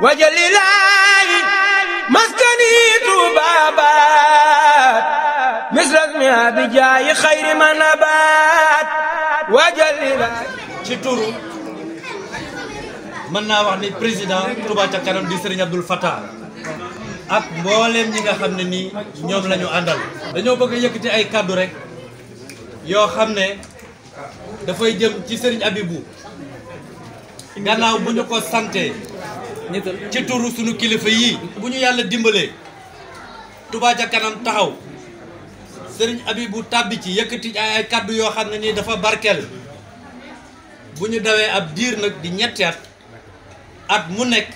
wajalilaayi maskani tuubaabaat misrasmi abijaayi xayri ma nabaat wajalilaayi ci turu mën naa wax ni président Touba ca kanam di Serigne Abdoul Fattah ak mbooleem ñi nga xam ne nii ñoom lañu ñu àndal dañoo bëgg a yëkkati ay kàddu rek yoo xam ne dafay jëm ci Serigne Abibou gannaaw bu ñu ko sante ñettal ci turu sunu kilifa yii bu ñu yàlla dimbalee Touba ca kanam taxaw sëriñ bu tàbbi ci yëkkati ay kàddu yoo xam ne nii dafa barkel bu ñu dawee ab diir nag di ñetti at at mu nekk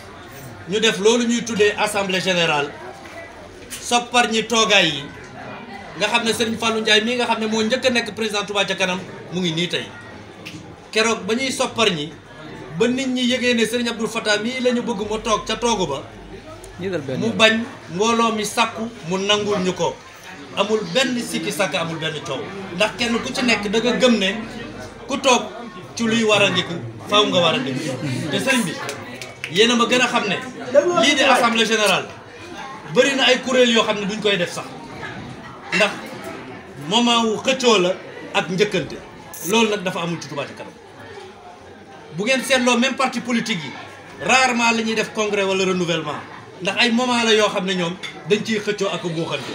ñu def loolu ñuy tuddee assemblée générale soppar ñi toogaay yi nga xam ne sëriñ Fallou Ndiaye mii nga xam ne moo njëkk a nekk président Touba ca kanam mu ngi nii tey keroog ba ñuy soppar ñi ba nit ñi yëgee ne Serigne Abdou Fatah mii lañu ñu bëgg mu toog ca toogu ba mu bañ mbooloo mi sàkku mu nangul ñu ko amul benn sikki sàkk amul benn coow ndax kenn ku ci nekk da nga gëm ne ku toog ci luy war a ndiku faw nga war a ndiku te sëriñ bi yéen a ma gën a xam ne lii di assemblée générale bëri na ay kuréel yoo xam ne duñ koy def sax ndax moment wu xëccoo la ak njëkkante loolu nag dafa amul ci Touba kanam bu ngeen seetloo même parti politique yi rarement la ñuy def congrès wala renouvellement ndax ay moment la yoo xam ne ñoom dañ ci xëccoo ak guuxante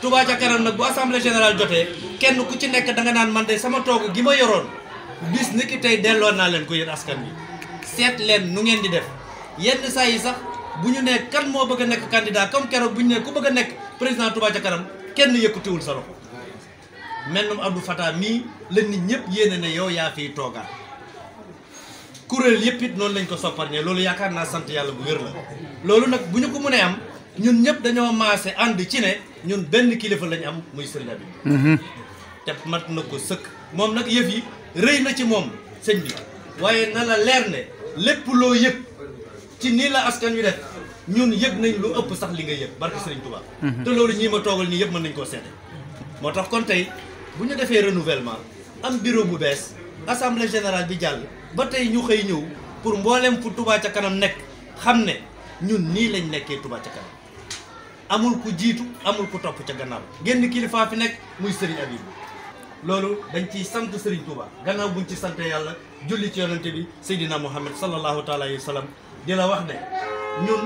Touba ca kanam nag bu assemblée générale jotee kenn ku ci nekk da nga naan man de sama toog gi ma yoroon bis ni ki tey delloo naa leen ko yéen askan bi seet leen nu ngeen di def yenn saa yi sax bu ñu nee kan moo bëgg a nekk candidat comme keroog bu ñu nee ku bëgg a nekk président Touba ca kanam kenn yëkkatiwul sa loxo mennum Abdou Fatah nit ñëpp yéene ne yow yaa fiy toogaat kuréel yëpp it noonu lañ ko sopparñee loolu yaakaar naa sant yàlla bu wér la loolu nag bu ñu ko mënee am ñun ñëpp dañoo maase ànd ci ne ñun benn kilifa lañ am muy sëriñ bi mm-hmm. te mat na ko sëkk moom nag yëf yi rëy na ci moom sëñ bi waaye na la leer ne lépp loo yëg ci nii la askan wi def ñun yëg nañ lu ëpp sax li nga yëg barke sëriñ Touba. Mm-hmm. te loolu ñii ma toogal nii yëpp mën nañ koo seete moo tax kon tey bu ñu defee renouvellement am bureau bu bees assemblée générale bi jàll ba tey ñu xëy ñëw pour mboolem fu tubaa ca kanam nekk xam ne ñun nii lañ nekkee Touba ca kanam amul ku jiitu amul ku topp ca gannaaw génn kilifaa fi nekk muy Serigne loolu dañ ciy sant Serigne Touba gannaaw buñ ci sant yàlla julli ci yonante bi Seydina Muhammad sallallahu taala alayhi wa sallam di wax ne ñun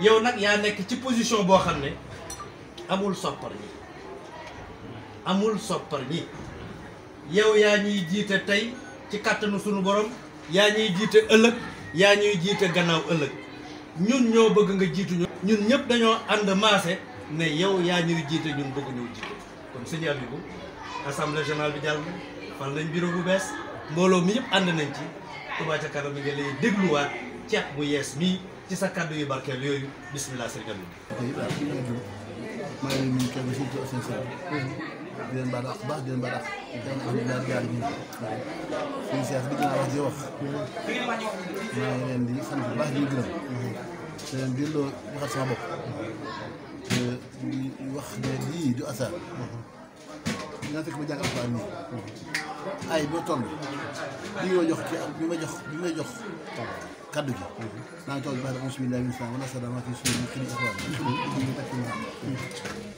yow nag yaa nekk ci position boo xam ne amul soppar ñi amul soppal ñi yow yaa ñuy jiite tey ci kàttanu sunu borom yaa ñuy jiite ëllëg yaa ñuy jiite gannaaw ëllëg ñun ñoo bëgg nga jiitu ñun ñëpp dañoo ànd maase ne yow yaa ñuy jiite ñun bëgg ñëw jiite kon sëñ Abibou assemblée générale bi jàll na fan lañ bureau bu bees mbooloo mi yëpp ànd nañ ci Touba ca kanam dégluwaat ceeb bu yees mii ci sa kàddu yu barkeel yooyu bismillah sëñ Abibou. maa ngi di leen baal ak baax di leen baal ak kenn am na ñaari gaal gi suñu seex dégg naa wax ji wax maa ngi di sant bu baax di gërëm te di loo waxal sama bopp di wax ne lii du asaar nga fekk ma jàng alxuraan nii ay boo toll bi ma jox ci bi ma jox bi ma jox kaddu gi naa ngi toog baax na bismillah minsa wala salaamati sunu mu kili ixwaan ñu takk ma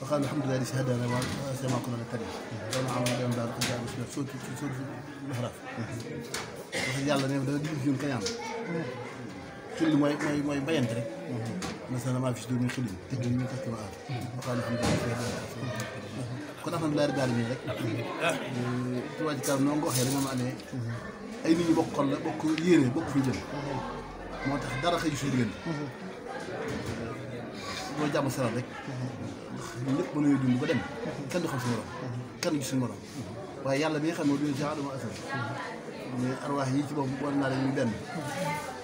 wa qaala alhamdulilah di si hadana wa sama ko la karim wala am na dem daal ko jàng si sooti sooti laxraaf wax yàlla ne dana di jëm kañaan xilli mooy mooy mooy bayante rek. macha allah fi rek. Touba Ca Kanam noo ko rek moom amee. ay nit ñu bokk xol la bokk yéene bokk fi jëm. moo tax dara xëy suñu diggante. boo jàmm salaat rek. ndax ñëpp mënuñu dund waaye yàlla bi nga xam ne du ci àll arwaax yi ci boppam war naa leen ñu benn.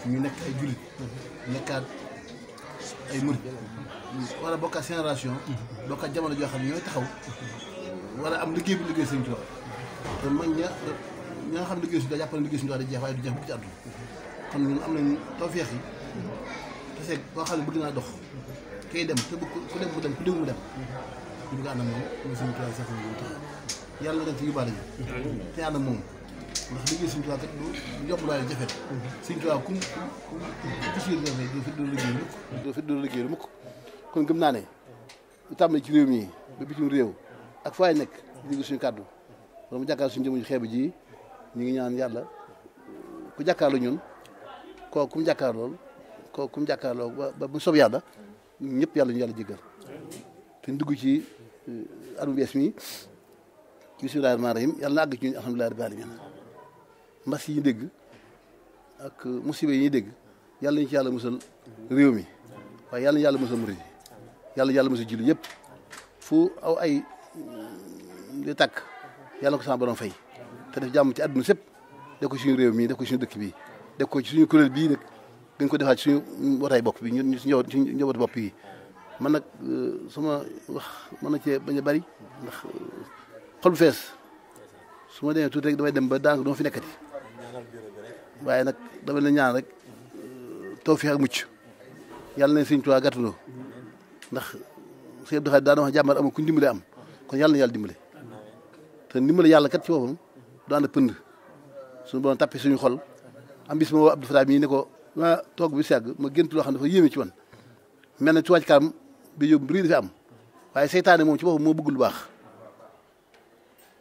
ñu nekk ay jullit nekkaat ay murit wala bokkaat génération bokkaat jamono joo xam ne ñooy taxaw war am liggéey bu liggéey Sëñ Tuubaa te mag ña nga xam liggéey Sëñ Tuubaa jàpp na liggéey Sëñ di jeex waaye du jeex bu ci àdduna kon ñun am nañ tawfeex yi te seeg koo xam ne bëgg naa dox kay dem te ku dem mu dem ku dem mu dem ñu bëgg ànd ak moom ñu Sëñ Tuubaa sax ñu taxaw yàlla nga dem ci yóbbaale ñu te ànd ak moom ndax liggéey suñu kon gëm naa ne lu ci réew mi ba bitim réew ak faay nekk liggéey suñu kàddu wala mu jàkkaar suñu jëmuñu xeebu ji ñu ngi ñaan yàlla ku jàkkaarloo ñun koo kum jàkkaar lool koo kum jàkkaar lool ba sob yàlla ñëpp yàlla ñu yàlla jéggal te ci euh, at mu bees mi bismillaahi rahmaani rahiim yàlla na àgg ci ñun alhamdulillaahi rabbil mbas yi dégg ak musiba yi dégg yàlla ñu ci yàlla musal réew mi waaye yàlla ñu yàlla musal murid yàlla yàlla musal julli yëpp fu aw ay mm, di tàkk yàlla ko sama borom fay te def jàmm ci àdduna sépp def ko suñu réew mii def ko suñu dëkk bi def ko ci suñu kuréel bii nag dañ ko defaat suñu wataay bopp bi ñun suñu njabootu bopp yi man nag euh, suma wax mën na cee bañ a bari ndax euh, xol bu fees su demee tuuti rek damay dem ba daanaka duma fi nekkati waaye nag dama leen ñaan rek euh, tawfeex ak mucc yàlla nañ Sëriñ Tuubaa gàttandoo ndax Sëriñ Abdou Khadre daana wax jàmbaar amul ku ñu dimbale am kon yàlla na yàlla dimbale te dimbale yàlla kat ci boppam du ànd pënd suñu borom tappi suñu xol am bis ma Abdou Fatah mii ne ko toog bi sàgg ma gént loo xam ne dafa yéeme ci wan mel na ci wàcc karam bi yóbbu mbir dafa am waaye seytaane moom ci boppam moo bëgg lu baax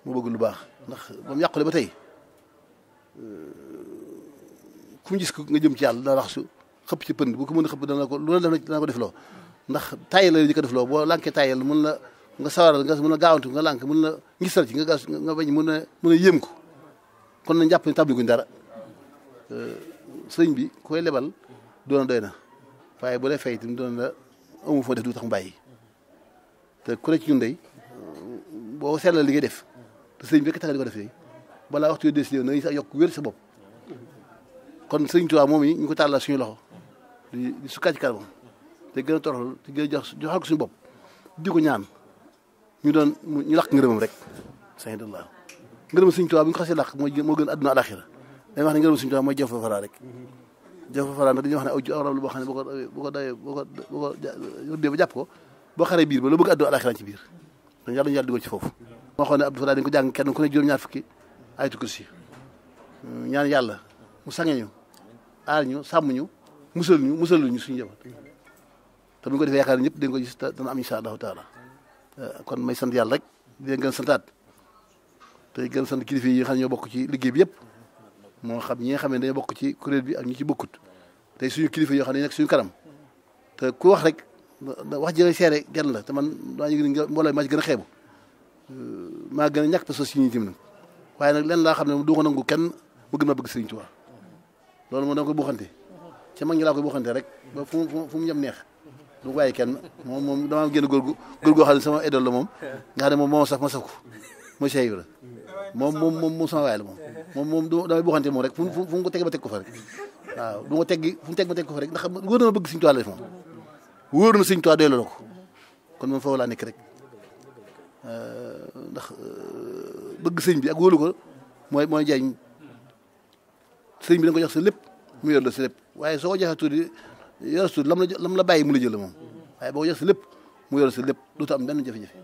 moo bëgg lu baax ndax ba mu yàqule ba tey Euh, ku mu ko nga jëm ci yàlla dana su xëpp ci pënd bu ko mën a xëpp dana ko la def ko def loo ndax tayal la ñu ko def loo boo lànkee tayal mën na nga sawaral nga mën a gaawantu nga lànk mën la ngisal ci nga gas nga bañ mën a mën a ko kon nañ jàpp ne tàmbali euh, sëñ bi koy lebal doona doy na waaye bu lay fay itam doon la amu foo def du tax mu te ku ne ci ñun day euh, boo seetlal li ngay def te sëñ bi rek tax di ko def balaa waxtu décidé na nga sax yokk wér sa bopp kon sëñ Tuubaa moom yi ñu ko tàllal suñu loxo di di sukkaat ci kanamam te gën a toroxal te gën a jox joxal ko suñu bopp di ko ñaan ñu doon ñu làq ngërëmam rek sayyidullah ngërëm sëñ Tuubaa bu ñu ko xasee làq mooy moo gën àdduna alaxira dañuy wax ne ngërëm sëñ Tuubaa mooy jëf fara rek kenn ku ne juróom-ñaar fukki ayatul si ñaan yàlla mu sange ñu aar ñu sàmm ñu musal ñu musal ñu suñu jabat te bu ko defee yaakaar ñëpp dañ ko gis dana am incha allahu taala eh, kon may sant yàlla rek di leen gën santaat tey gën sant kilifa yi nga xam ne bokk ci liggéey bi yëpp moo xam ñi nga xam ne dañoo bokk ci kuréel bi ak ñu ci bokkut te suñu kilifa yoo xam ne nekk suñu kanam te ku wax rek wax ji seere genn la te man maa a mbooloo maa ci gën a xeebu eh, maa gën a ñàkk parce que suñu tim waaye nag la laa xam ne moom du ko nangu kenn mu gën ma bëgg Sëriñ Tuubaa loolu moom da nga ko buuxante ci mag ñi laa koy buuxante rek ba fu mu fu mu ñam neex du ko bàyyi kenn moom moom damaa génn góor gu góor goo xam ne sama idole la moom nga xam ne moom moo saf ma saf ko mooy moom moom moom moom sama waay la moom moom moom du damay buuxante moom rek fu fu mu ko teg ma teg ko fa rek waaw du ma teggi fu mu teg ma teg ko fa rek ndax wóor na ma bëgg Sëriñ la def moom wóor na Sëriñ doy la ko kon moom foofu laa nekk rek euh, euh, ba sëñ bi ak wóolu ko mooy ko jox sa lépp mu yor la si waaye soo ko joxee tuuti yor tuuti lam la lam la bàyyi mu la jël moom waaye boo ko si lépp mu yor si lépp dootu am benn jafe-jafe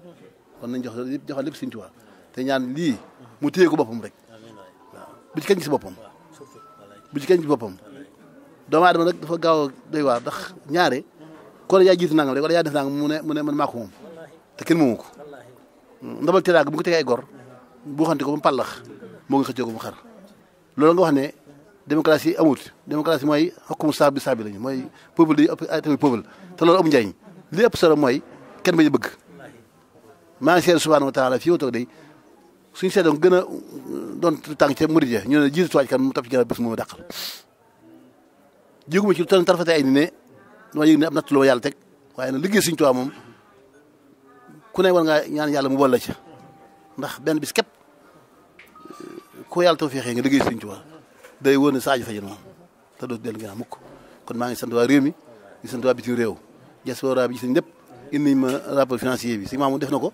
kon nañ jox lépp jox lépp sëñ Tuubaa te ñaan lii mu téye ko boppam rek waaw bu ci kenn gis boppam bu ci kenn gis boppam doomu aadama nag dafa gaaw a doy waar ndax ñaare ko la yaa jiitu nangam rek wala yaa def nangam mu ne mu ne man maa ko moom te kenn moomu ko ndabal teraanga bu ko tegee ay gor boo xamante ko ba mu pàllax moo ngi xëccoo ko mu xar loolu nga wax ne démocratie amut démocratie mooy xokkumu saabi saabi lañu mooy peuple di ay tamit peuple te loolu amu njariñ li ëpp mooy kenn bañ a bëgg maa ngi seetlu subhaanahu fii ma toog day suñu seetoon gën a euh, doon tàng ca murid ñu ne jiitu tuwaaj kan mu topp ci ginnaaw bés moo ma dàqal ci lu tan tarfate ni ne dama yëg ne am natt lu ma teg waaye nag liggéey suñu tuwaa moom ku ne war ngaa ñaan yàlla mu boole la ndax benn bis képp eh, ku yàlla tawfeexee nga liggéey Sëriñ Tuubaa day wóor ne sa aju fajal moom te dootu dellu ginnaaw mukk kon maa ngi sant waa réew mi di sant waa bitim réew a bi gis nañ lépp indi ma rapport financier bi si maamu def na ko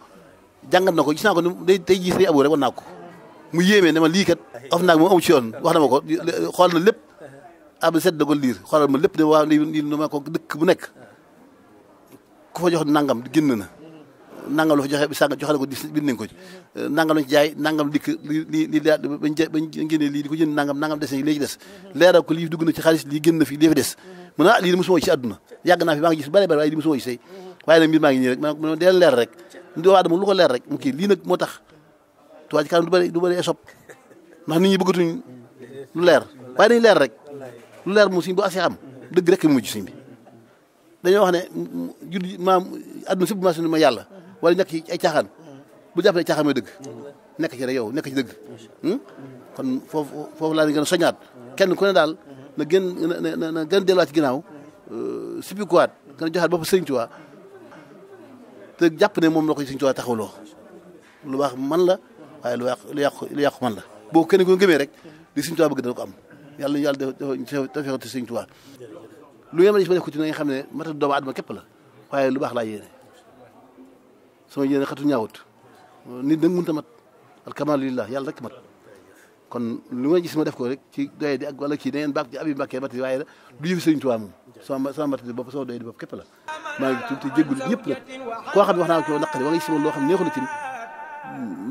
jàngat na ko gis naa ko day day gis day abu rek wan naa ko mu yéemee ne ma lii kat of naag moom ci wax na ma ko xool na lépp ab set da ko ma lépp ne waaw ko dëkk bu nekk ku fa jox nangam génn na nangam la fa joxe bi sànga joxe na ko ko ci mhm. nangam lañ ci jaay nangam dikk li li li daal bañ bañ génnee lii di ko jënd nangam nangam des nañ mhm. ko lii dugg na ci xaalis lii génn fi lii fi des mu mhm. a ah lii di mosuma ci àdduna yàgg naa fi maa ngi gis bari bari waaye di mosuma gisee waaye nag mbir maa ma ne deel leer rek ndi waa dama rek mu kii lii nag moo tax Touba Ca Kanam du bëri esop ndax nit ñi bëggatuñ lu leer waaye dañ leer rek lu leer mu siñ bu asee am dëgg rek mu mujj siñ bi dañoo wax ne jur maam àdduna si bu ma yàlla wala nekk ci ay caaxaan bu jàppale caaxaan mooy dëgg nekk ci rek yow nekk ci dëgg hmm? kon foofu foofu laa leen gën soñaat kenn ku ne daal na gën gën delluwaat ci ginnaaw euh, sipikuwaat gën a joxaat bopp Sëriñ Tuubaa te jàpp ne moom la ko Sëriñ Tuubaa taxawloo lu baax man la waaye lu yàqu lu yàqu lu man la boo kenn ko gëmee rek di Sëriñ Tuubaa bëgg dana ko am yàlla yàlla dafa fexe Sëriñ Tuubaa lu yemale ci ma ci na xam ne matal doomu aadama képp la waaye lu baax laa yéene soo sama yéene xatu ñaawut nit nag mënut ta mat al kamaal lillah yàlla rek mat kon lu may gis ma def ko rek ci doye di ak wala kii da ngeen bàq ci abi mbàkkee bati waaye du yëfi sëriñ Tuubaa moom sama sama mat bopp sama doye di bopp képp la maa ngi tuuti jéggul ñëpp nag koo xam ne wax naa ko naqari wala gis ma loo na ci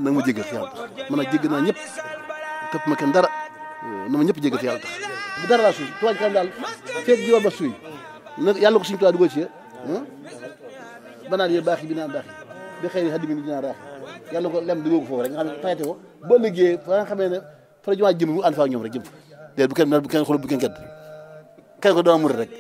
nag ma jéggal yàlla tax man a jégg naa ñëpp képp ma kenn dara na ma ñëpp jéggal yàlla tax bu dara laa suy tuwaañ kanam daal feeg jiwa ba suy nag yàlla ko sëriñ ah. banaan yooyu baax bi naan baax bi xëy xaddi mi ni dinaa raax yàlla ko lem duggoo ko foofu rek nga xam ne fayate ko xamee ne fa la jumaa mu ànd fa ñoom rek jëm déet bu kenn bu kenn xool bu kenn gedd kenn ko doon mën rek